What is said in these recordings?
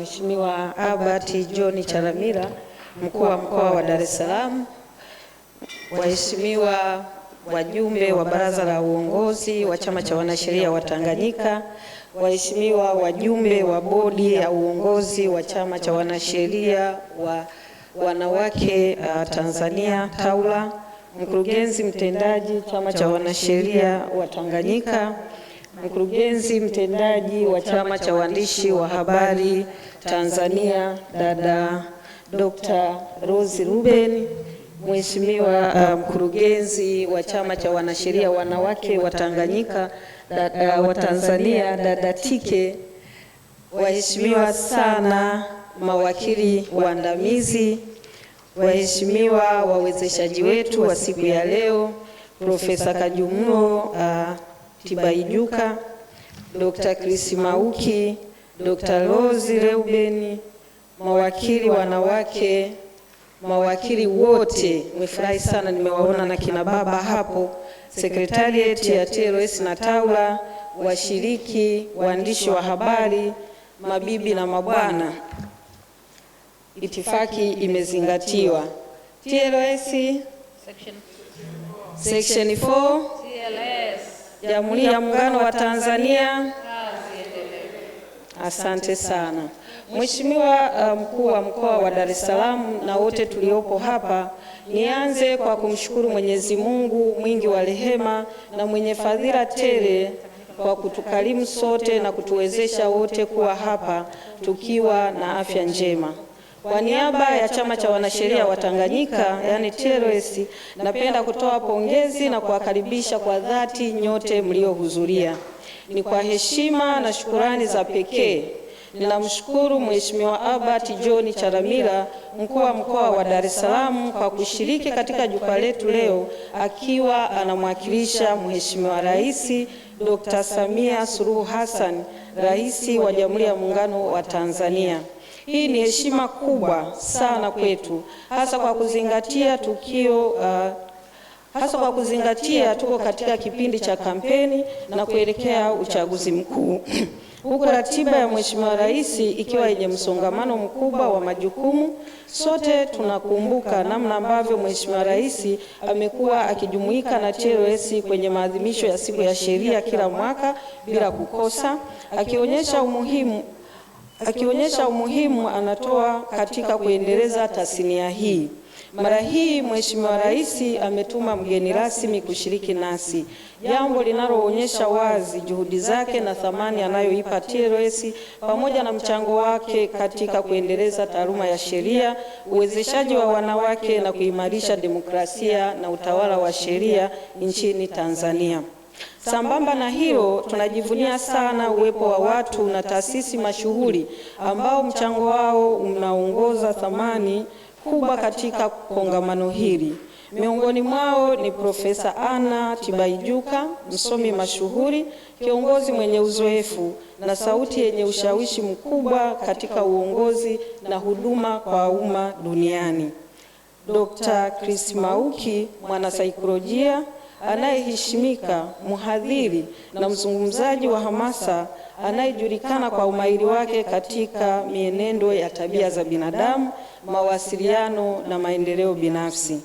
Mheshimiwa Albert John Chalamila, mkuu wa mkoa wa Dar es Salaam, waheshimiwa wajumbe wa baraza la uongozi wa chama cha wanasheria wa Tanganyika, waheshimiwa wajumbe wa bodi ya uongozi wa chama cha wanasheria wa wanawake uh, Tanzania Taula, mkurugenzi mtendaji chama cha wanasheria wa Tanganyika mkurugenzi mtendaji wa Chama cha Waandishi wa Habari Tanzania, dada Dr. Rose Ruben, Mheshimiwa uh, mkurugenzi um, wa Chama cha Wanasheria Wanawake wa Tanganyika dada, wa Tanzania dada Tike, waheshimiwa sana mawakili waandamizi, waheshimiwa wawezeshaji wetu wa siku ya leo, Profesa Kajumuo uh, Tibaijuka, Dr. Chris Mauki, Dr. Rose Reubeni, mawakili wanawake, mawakili wote, nimefurahi sana nimewaona na kina baba hapo, sekretarieti ya TLS na TAWLA, washiriki, waandishi wa habari, mabibi na mabwana, itifaki imezingatiwa. TLS section 4 TLS Jamhuri ya Muungano wa Tanzania. Asante sana Mheshimiwa uh, mkuu wa mkoa wa Dar es Salaam na wote tuliopo hapa, nianze kwa kumshukuru Mwenyezi Mungu mwingi wa rehema na mwenye fadhila tele kwa kutukarimu sote na kutuwezesha wote kuwa hapa tukiwa na afya njema. Kwa niaba ya Chama cha Wanasheria wa Tanganyika, yani TLS, napenda kutoa pongezi na kuwakaribisha kwa dhati nyote mliohudhuria. Ni kwa heshima na shukurani za pekee ninamshukuru Mheshimiwa Albert John Chalamila, mkuu wa mkoa wa Dar es Salaam, kwa kushiriki katika jukwaa letu leo akiwa anamwakilisha Mheshimiwa Rais Dr. Samia Suluhu Hassan, Rais wa Jamhuri ya Muungano wa Tanzania. Hii ni heshima kubwa sana kwetu, hasa kwa kuzingatia tukio uh, hasa kwa kuzingatia tuko katika kipindi cha kampeni na kuelekea uchaguzi mkuu huku ratiba ya Mheshimiwa Rais ikiwa yenye msongamano mkubwa wa majukumu. Sote tunakumbuka namna ambavyo Mheshimiwa Rais amekuwa akijumuika na TLS kwenye maadhimisho ya siku ya sheria kila mwaka bila kukosa, akionyesha umuhimu akionyesha umuhimu anatoa katika kuendeleza tasnia hii. Mara hii Mheshimiwa Rais ametuma mgeni rasmi kushiriki nasi, jambo linaloonyesha wazi juhudi zake na thamani anayoipa TLS pamoja na mchango wake katika kuendeleza taaluma ya sheria, uwezeshaji wa wanawake na kuimarisha demokrasia na utawala wa sheria nchini Tanzania. Sambamba na hilo, tunajivunia sana uwepo wa watu na taasisi mashuhuri ambao mchango wao unaongoza thamani kubwa katika kongamano hili. Miongoni mwao ni Profesa Anna Tibaijuka, msomi mashuhuri, kiongozi mwenye uzoefu na sauti yenye ushawishi mkubwa katika uongozi na huduma kwa umma duniani. Dr. Chris Mauki, mwanasaikolojia anayeheshimika, mhadhiri na mzungumzaji wa hamasa anayejulikana kwa umahiri wake katika mienendo ya tabia za binadamu, mawasiliano na maendeleo binafsi.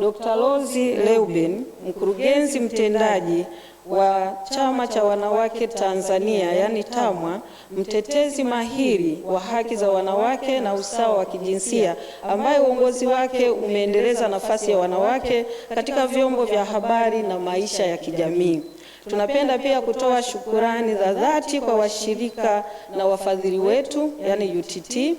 Dr. Rose Leuben, mkurugenzi mtendaji wa chama cha wanawake Tanzania yani TAMWA, mtetezi mahiri wa haki za wanawake na usawa wa kijinsia, ambaye uongozi wake umeendeleza nafasi ya wanawake katika vyombo vya habari na maisha ya kijamii. Tunapenda pia kutoa shukurani za dhati kwa washirika na wafadhili wetu, yani UTT,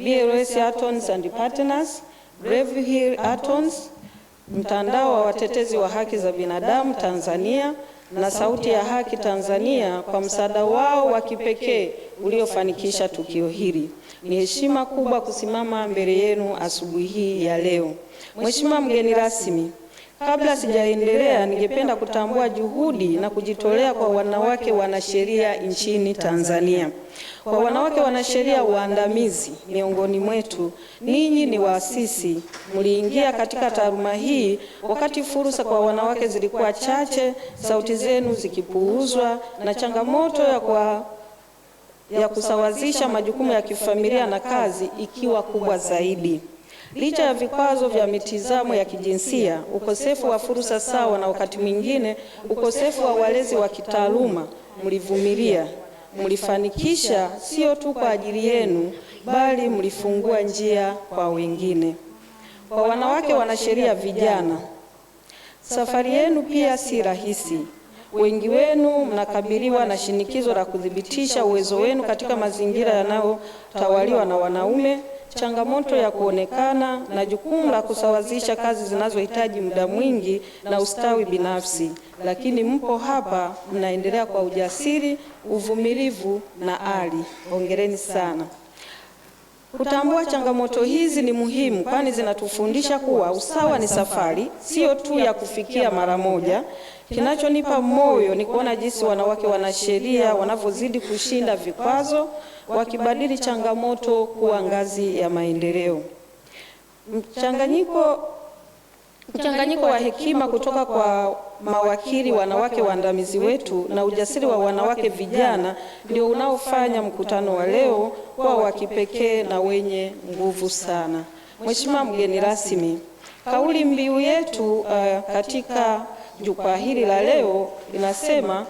BLS Attorneys and Partners, Brave Hill Attorneys, mtandao wa watetezi wa haki za binadamu Tanzania na Sauti ya Haki Tanzania kwa msaada wao wa kipekee uliofanikisha tukio hili. Ni heshima kubwa kusimama mbele yenu asubuhi hii ya leo. Mheshimiwa mgeni rasmi, Kabla sijaendelea, ningependa kutambua juhudi na kujitolea kwa wanawake wanasheria nchini Tanzania. Kwa wanawake wanasheria waandamizi miongoni mwetu, ninyi ni waasisi, mliingia katika taaluma hii wakati fursa kwa wanawake zilikuwa chache, sauti zenu zikipuuzwa na changamoto ya kwa ya kusawazisha majukumu ya kifamilia na kazi ikiwa kubwa zaidi. Licha ya vikwazo vya mitizamo ya kijinsia, ukosefu wa fursa sawa na wakati mwingine ukosefu wa walezi wa kitaaluma, mlivumilia, mlifanikisha, sio tu kwa ajili yenu, bali mlifungua njia kwa wengine. Kwa wanawake wanasheria vijana, safari yenu pia si rahisi. Wengi wenu mnakabiliwa na shinikizo la kuthibitisha uwezo wenu katika mazingira yanayotawaliwa na wanaume changamoto ya kuonekana na jukumu la kusawazisha kazi zinazohitaji muda mwingi na ustawi binafsi, lakini mpo hapa, mnaendelea kwa ujasiri, uvumilivu na ari. Hongereni sana. Kutambua changamoto hizi ni muhimu, kwani zinatufundisha kuwa usawa ni safari, sio tu ya kufikia mara moja. Kinachonipa moyo ni kuona jinsi wanawake wanasheria wanavyozidi kushinda vikwazo, wakibadili changamoto kuwa ngazi ya maendeleo. Mchanganyiko Mchanganyiko wa hekima kutoka kwa mawakili wanawake waandamizi wetu na ujasiri wa wanawake vijana ndio unaofanya mkutano wa leo kuwa wa kipekee na wenye nguvu sana. Mheshimiwa mgeni rasmi, kauli mbiu yetu uh, katika jukwaa hili la leo inasema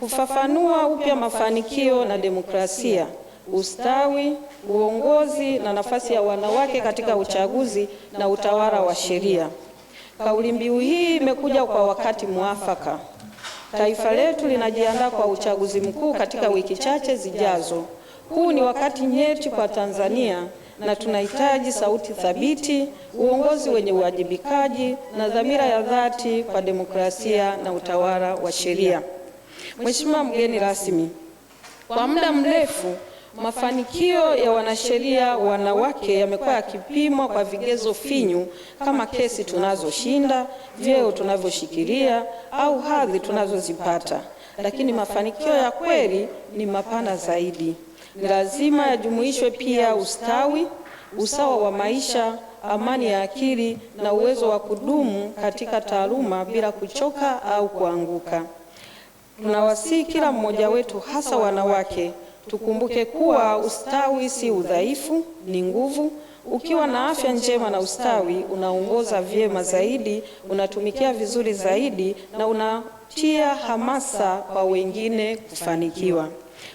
kufafanua upya mafanikio na demokrasia, ustawi, uongozi na nafasi ya wanawake katika uchaguzi na utawala wa sheria. Kauli mbiu hii imekuja kwa wakati mwafaka. Taifa letu linajiandaa kwa uchaguzi mkuu katika wiki chache zijazo. Huu ni wakati nyeti kwa Tanzania na tunahitaji sauti thabiti, uongozi wenye uwajibikaji na dhamira ya dhati kwa demokrasia na utawala wa sheria. Mheshimiwa mgeni rasmi, kwa muda mrefu Mafanikio ya wanasheria wanawake yamekuwa yakipimwa kwa vigezo finyu kama kesi tunazoshinda, vyeo tunavyoshikilia au hadhi tunazozipata, lakini mafanikio ya kweli ni mapana zaidi. Ni lazima yajumuishwe pia ustawi, usawa wa maisha, amani ya akili na uwezo wa kudumu katika taaluma bila kuchoka au kuanguka. Tunawasihi kila mmoja wetu, hasa wanawake Tukumbuke kuwa ustawi si udhaifu, ni nguvu. Ukiwa na afya njema na ustawi, unaongoza vyema zaidi, unatumikia vizuri zaidi, na unatia hamasa kwa wengine kufanikiwa.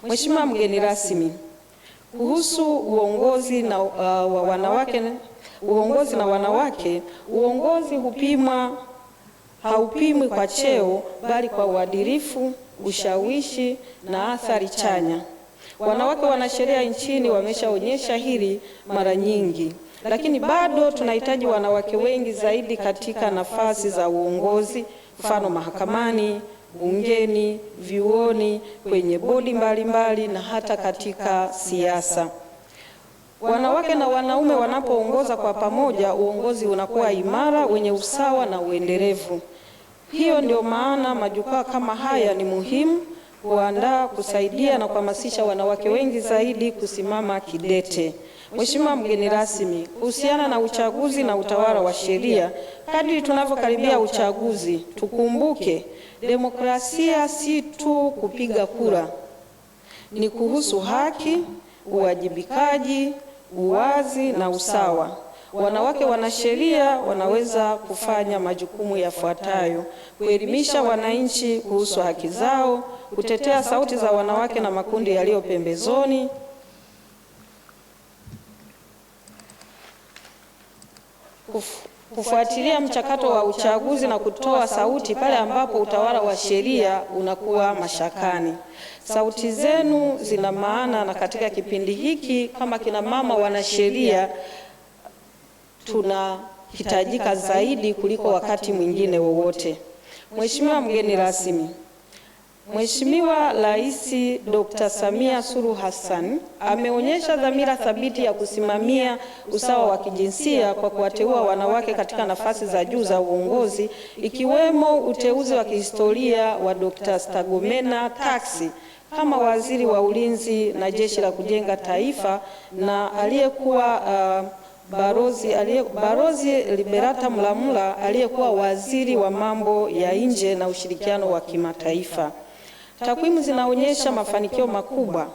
Mheshimiwa mgeni rasmi, kuhusu uongozi na uh, wa wanawake uongozi na wanawake, uongozi hupimwa haupimwi kwa cheo, bali kwa uadilifu, ushawishi na athari chanya. Wanawake wanasheria nchini wameshaonyesha hili mara nyingi, lakini bado tunahitaji wanawake wengi zaidi katika nafasi za uongozi, mfano mahakamani, bungeni, vyuoni, kwenye bodi mbalimbali na hata katika siasa. Wanawake na wanaume wanapoongoza kwa pamoja, uongozi unakuwa imara, wenye usawa na uendelevu. Hiyo ndio maana majukwaa kama haya ni muhimu kuandaa, kusaidia na kuhamasisha wanawake wengi zaidi kusimama kidete. Mheshimiwa mgeni rasmi, kuhusiana na uchaguzi na utawala wa sheria, kadri tunavyokaribia uchaguzi, tukumbuke demokrasia si tu kupiga kura, ni kuhusu haki, uwajibikaji, uwazi na usawa. Wanawake wanasheria wanaweza kufanya majukumu yafuatayo: kuelimisha wananchi kuhusu haki zao kutetea sauti za wanawake na makundi yaliyo pembezoni kufuatilia mchakato wa uchaguzi na kutoa sauti pale ambapo utawala wa sheria unakuwa mashakani. Sauti zenu zina maana, na katika kipindi hiki kama kina mama wanasheria tunahitajika zaidi kuliko wakati mwingine wowote. Mheshimiwa mgeni rasmi, Mheshimiwa Rais Dr. Samia Suluhu Hassan ameonyesha dhamira thabiti ya kusimamia usawa wa kijinsia kwa kuwateua wanawake katika nafasi za juu za uongozi ikiwemo uteuzi wa kihistoria wa Dr. stagomena Tax kama Waziri wa Ulinzi na Jeshi la Kujenga Taifa na aliyekuwa uh, Barozi, alie, Barozi Liberata Mulamula aliyekuwa waziri wa mambo ya nje na ushirikiano wa kimataifa. Takwimu zinaonyesha mafanikio makubwa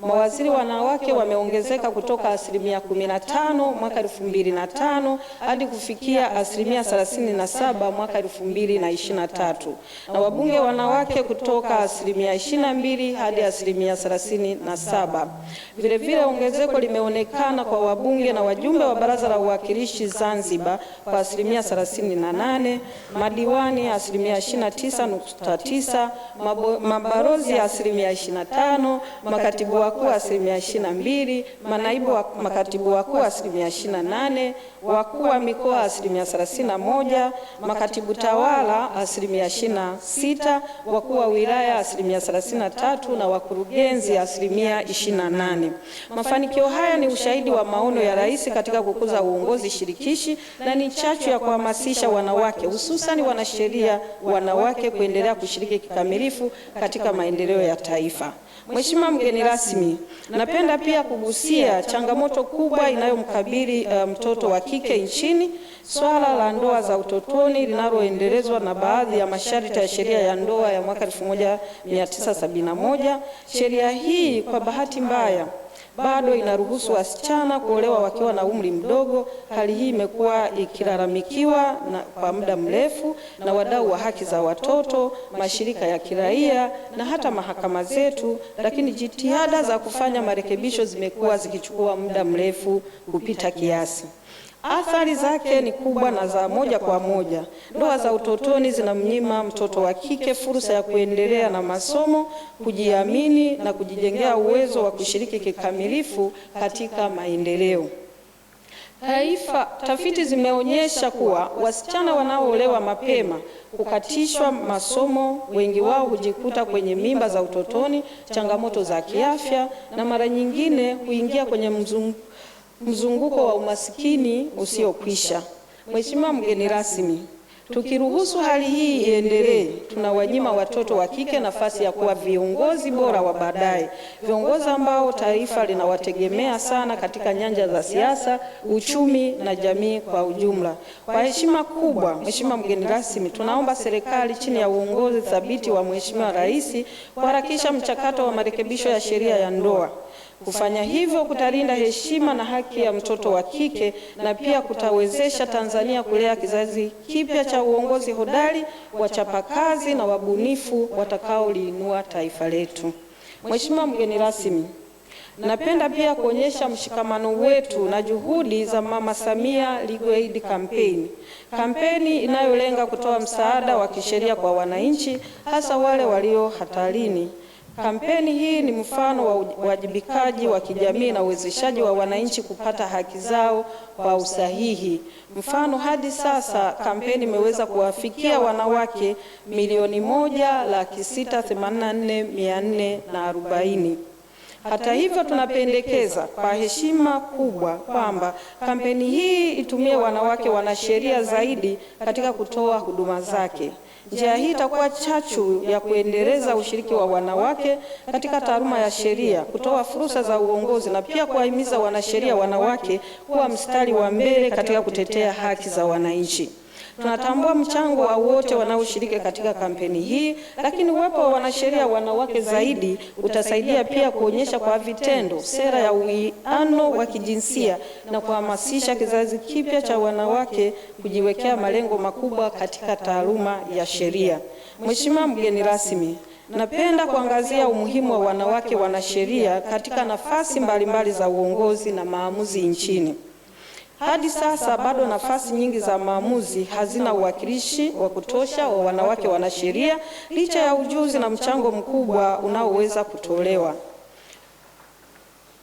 mawaziri wanawake wameongezeka kutoka asilimia 15 mwaka 2005 hadi kufikia asilimia 37 mwaka 2023 na wabunge wanawake kutoka asilimia 22 hadi asilimia 37. Vilevile ongezeko limeonekana kwa wabunge na wajumbe wa Baraza la Uwakilishi Zanzibar kwa asilimia 38, madiwani asilimia 29.9, mabalozi asilimia 25, makatibu wakuu asilimia ishirini na mbili, manaibu wa, makatibu wakuu asilimia ishirini na nane, wakuu wa mikoa asilimia thelathini na moja, makatibu tawala asilimia ishirini na sita, wakuu wa wilaya asilimia thelathini na tatu na wakurugenzi asilimia ishirini na nane. Mafanikio haya ni ushahidi wa maono ya Rais katika kukuza uongozi shirikishi na ni chachu ya kuhamasisha wanawake hususani wanasheria wanawake kuendelea kushiriki kikamilifu katika maendeleo ya taifa. Mheshimiwa mgeni rasmi, napenda pia kugusia changamoto kubwa inayomkabili uh, mtoto wa kike nchini, swala la ndoa za utotoni linaloendelezwa na baadhi ya masharti ya sheria ya ndoa ya mwaka 1971. Sheria hii kwa bahati mbaya bado inaruhusu wasichana kuolewa wakiwa na umri mdogo. Hali hii imekuwa ikilalamikiwa na kwa muda mrefu na wadau wa haki za watoto, mashirika ya kiraia na hata mahakama zetu, lakini jitihada za kufanya marekebisho zimekuwa zikichukua muda mrefu kupita kiasi. Athari zake ni kubwa na za moja kwa moja. Ndoa za utotoni zinamnyima mtoto wa kike fursa ya kuendelea na masomo, kujiamini na kujijengea uwezo wa kushiriki kikamilifu katika maendeleo. Taifa, tafiti zimeonyesha kuwa wasichana wanaoolewa mapema, kukatishwa masomo, wengi wao hujikuta kwenye mimba za utotoni, changamoto za kiafya na mara nyingine huingia kwenye mzunguko mzunguko wa umasikini usiokwisha. Mheshimiwa mgeni rasmi, tukiruhusu hali hii iendelee, tunawanyima watoto wa kike nafasi ya kuwa viongozi bora wa baadaye, viongozi ambao taifa linawategemea sana katika nyanja za siasa, uchumi na jamii kwa ujumla. Kwa heshima kubwa, Mheshimiwa mgeni rasmi, tunaomba serikali chini ya uongozi thabiti wa Mheshimiwa Rais kuharakisha mchakato wa marekebisho ya sheria ya ndoa Kufanya hivyo kutalinda heshima na haki ya mtoto wa kike na pia kutawezesha Tanzania kulea kizazi kipya cha uongozi hodari, wachapakazi na wabunifu watakaoliinua taifa letu. Mheshimiwa mgeni rasmi, napenda pia kuonyesha mshikamano wetu na juhudi za Mama Samia Legal Aid Campaign, kampeni inayolenga kutoa msaada wa kisheria kwa wananchi, hasa wale walio hatarini. Kampeni hii ni mfano wa uwajibikaji wa kijamii na uwezeshaji wa wananchi kupata haki zao kwa usahihi. Mfano, hadi sasa kampeni imeweza kuwafikia wanawake milioni moja laki sita themanini na nne mia nne na arobaini. Hata hivyo, tunapendekeza kwa heshima kubwa kwamba kampeni hii itumie wanawake wanasheria zaidi katika kutoa huduma zake. Njia hii itakuwa chachu ya kuendeleza ushiriki wa wanawake katika taaluma ya sheria, kutoa fursa za uongozi na pia kuwahimiza wanasheria wanawake kuwa mstari wa mbele katika kutetea haki za wananchi. Tunatambua mchango wa wote wanaoshiriki katika kampeni hii, lakini uwepo wa wanasheria wanawake zaidi utasaidia pia kuonyesha kwa vitendo sera ya uwiano wa kijinsia na kuhamasisha kizazi kipya cha wanawake kujiwekea malengo makubwa katika taaluma ya sheria. Mheshimiwa mgeni rasmi, Napenda kuangazia umuhimu wa wanawake wanasheria katika nafasi mbalimbali mbali za uongozi na maamuzi nchini. Hadi sasa bado nafasi nyingi za maamuzi hazina uwakilishi wa kutosha wa wanawake wanasheria licha ya ujuzi na mchango mkubwa unaoweza kutolewa.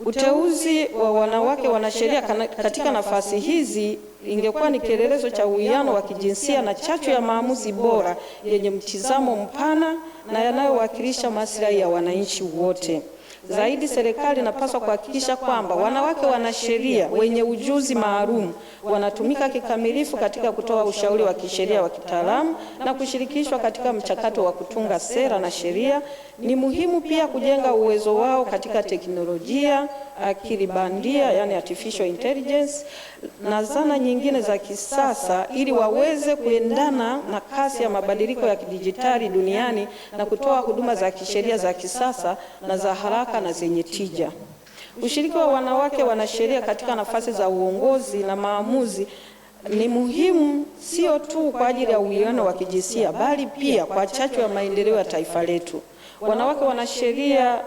Uteuzi wa wanawake wanasheria katika nafasi hizi ingekuwa ni kielelezo cha uwiano wa kijinsia na chachu ya maamuzi bora yenye mtizamo mpana na yanayowakilisha maslahi ya wananchi wote. Zaidi, serikali inapaswa kuhakikisha kwamba wanawake wanasheria wenye ujuzi maalum wanatumika kikamilifu katika kutoa ushauri wa kisheria wa kitaalamu na kushirikishwa katika mchakato wa kutunga sera na sheria. Ni muhimu pia kujenga uwezo wao katika teknolojia, akili bandia, yani artificial intelligence, na zana nyingine za kisasa ili waweze kuendana na kasi ya mabadiliko ya kidijitali duniani na kutoa huduma za kisheria za kisasa na za haraka na zenye tija. Ushiriki wa wanawake wanasheria katika nafasi za uongozi na maamuzi ni muhimu sio tu kwa ajili ya uwiano wa kijinsia bali pia kwa chachu ya maendeleo ya taifa letu. Wanawake wanasheria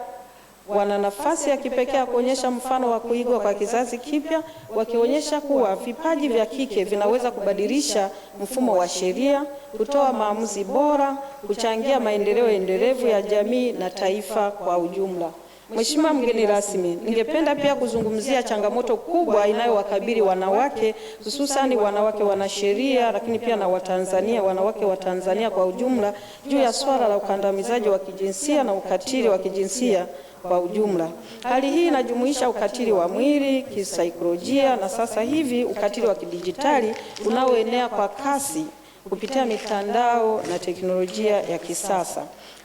wana nafasi ya kipekee ya kuonyesha mfano wa kuigwa kwa kizazi kipya, wakionyesha kuwa vipaji vya kike vinaweza kubadilisha mfumo wa sheria, kutoa maamuzi bora, kuchangia maendeleo endelevu ya jamii na taifa kwa ujumla. Mheshimiwa mgeni rasmi, ningependa pia kuzungumzia changamoto kubwa inayowakabili wanawake hususani wanawake wanasheria, lakini pia na Watanzania, wanawake wa Tanzania kwa ujumla juu ya swala la ukandamizaji wa kijinsia na ukatili wa kijinsia kwa ujumla. Hali hii inajumuisha ukatili wa mwili, kisaikolojia na sasa hivi ukatili wa kidijitali unaoenea kwa kasi kupitia mitandao na teknolojia ya kisasa.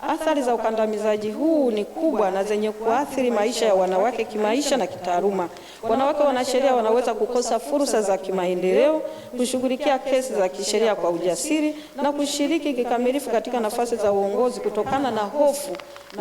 Athari za ukandamizaji huu ni kubwa na zenye kuathiri maisha ya wanawake kimaisha na kitaaluma. Wanawake wanasheria wanaweza kukosa fursa za kimaendeleo, kushughulikia kesi za kisheria kwa ujasiri na kushiriki kikamilifu katika nafasi za uongozi kutokana na hofu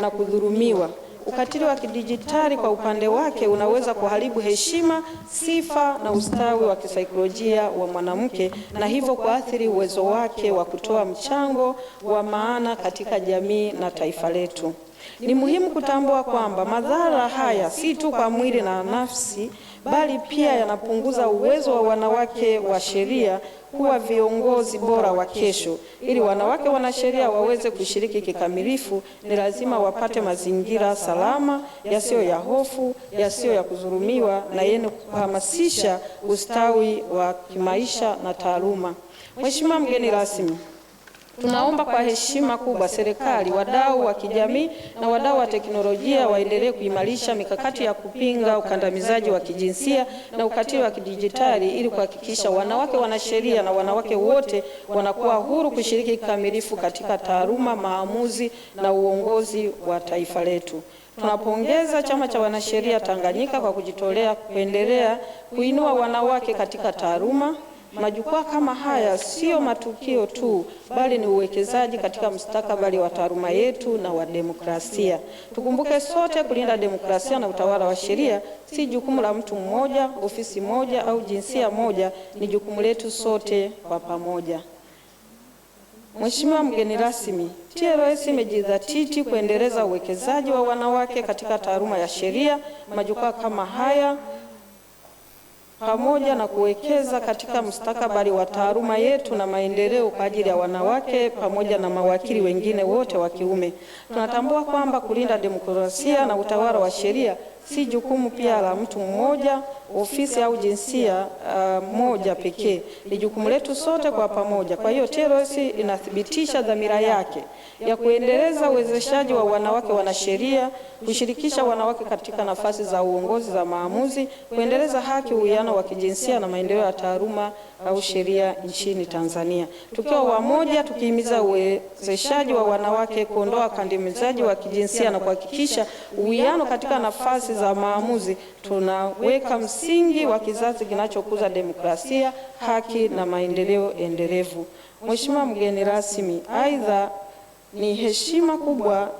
na kudhulumiwa. Ukatili wa kidijitali kwa upande wake unaweza kuharibu heshima, sifa na ustawi wa kisaikolojia wa mwanamke na hivyo kuathiri uwezo wake wa kutoa mchango wa maana katika jamii na taifa letu. Ni muhimu kutambua kwamba madhara haya si tu kwa mwili na nafsi, bali pia yanapunguza uwezo wa wanawake wa sheria kuwa viongozi bora wa kesho. Ili wanawake wanasheria waweze kushiriki kikamilifu, ni lazima wapate mazingira salama, yasiyo ya hofu, yasiyo ya kudhulumiwa na yenye kuhamasisha ustawi wa kimaisha na taaluma. Mheshimiwa mgeni rasmi Tunaomba kwa heshima kubwa serikali, wadau wa kijamii na wadau wa teknolojia waendelee kuimarisha mikakati ya kupinga ukandamizaji wa kijinsia na ukatili wa kidijitali ili kuhakikisha wanawake wanasheria na wanawake wote wanakuwa huru kushiriki kikamilifu katika taaluma, maamuzi na uongozi wa taifa letu. Tunapongeza Chama cha Wanasheria Tanganyika kwa kujitolea kuendelea kuinua wanawake katika taaluma Majukwaa kama haya sio matukio tu, bali ni uwekezaji katika mustakabali wa taaluma yetu na wa demokrasia. Tukumbuke sote, kulinda demokrasia na utawala wa sheria si jukumu la mtu mmoja, ofisi moja au jinsia moja, ni jukumu letu sote kwa pamoja. Mheshimiwa mgeni rasmi, TLS imejidhatiti kuendeleza uwekezaji wa wanawake katika taaluma ya sheria. Majukwaa kama haya pamoja na kuwekeza katika mustakabali wa taaluma yetu na maendeleo kwa ajili ya wanawake pamoja na mawakili wengine wote wa kiume. Tunatambua kwamba kulinda demokrasia na utawala wa sheria si jukumu pia la mtu mmoja, ofisi au jinsia uh, moja pekee. Ni jukumu letu sote kwa pamoja. Kwa hiyo TLS inathibitisha dhamira yake ya kuendeleza uwezeshaji wa wanawake wanasheria, kushirikisha wanawake katika nafasi za uongozi za maamuzi, kuendeleza haki, uwiano wa kijinsia na maendeleo ya taaluma au sheria nchini Tanzania. Tukiwa wamoja, tukihimiza uwezeshaji wa wanawake, kuondoa kandimizaji wa kijinsia na kuhakikisha uwiano katika nafasi za maamuzi, tunaweka msingi wa kizazi kinachokuza demokrasia, haki na maendeleo endelevu. Mheshimiwa mgeni rasmi, aidha ni heshima kubwa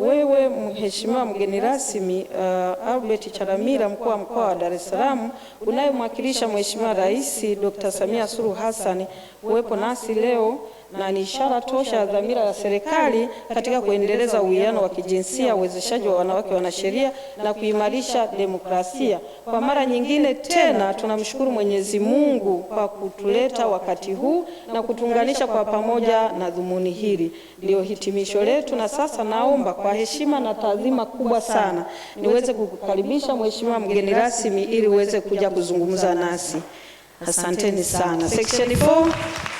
wewe mheshimiwa mgeni rasmi uh, Albert Chalamila mkuu wa mkoa wa Dar es Salaam unayemwakilisha mheshimiwa Rais Dr. Samia Suluhu Hassan kuwepo nasi leo na ni ishara tosha ya dhamira ya serikali katika kuendeleza uwiano wa kijinsia, uwezeshaji wa wanawake wanasheria na kuimarisha demokrasia. Kwa mara nyingine tena tunamshukuru Mwenyezi Mungu kwa kutuleta wakati huu na kutuunganisha kwa pamoja na dhumuni hili. Ndio hitimisho letu, na sasa naomba kwa heshima na taadhima kubwa sana niweze kukukaribisha Mheshimiwa mgeni rasmi ili uweze kuja kuzungumza nasi. Asanteni sana. Section 4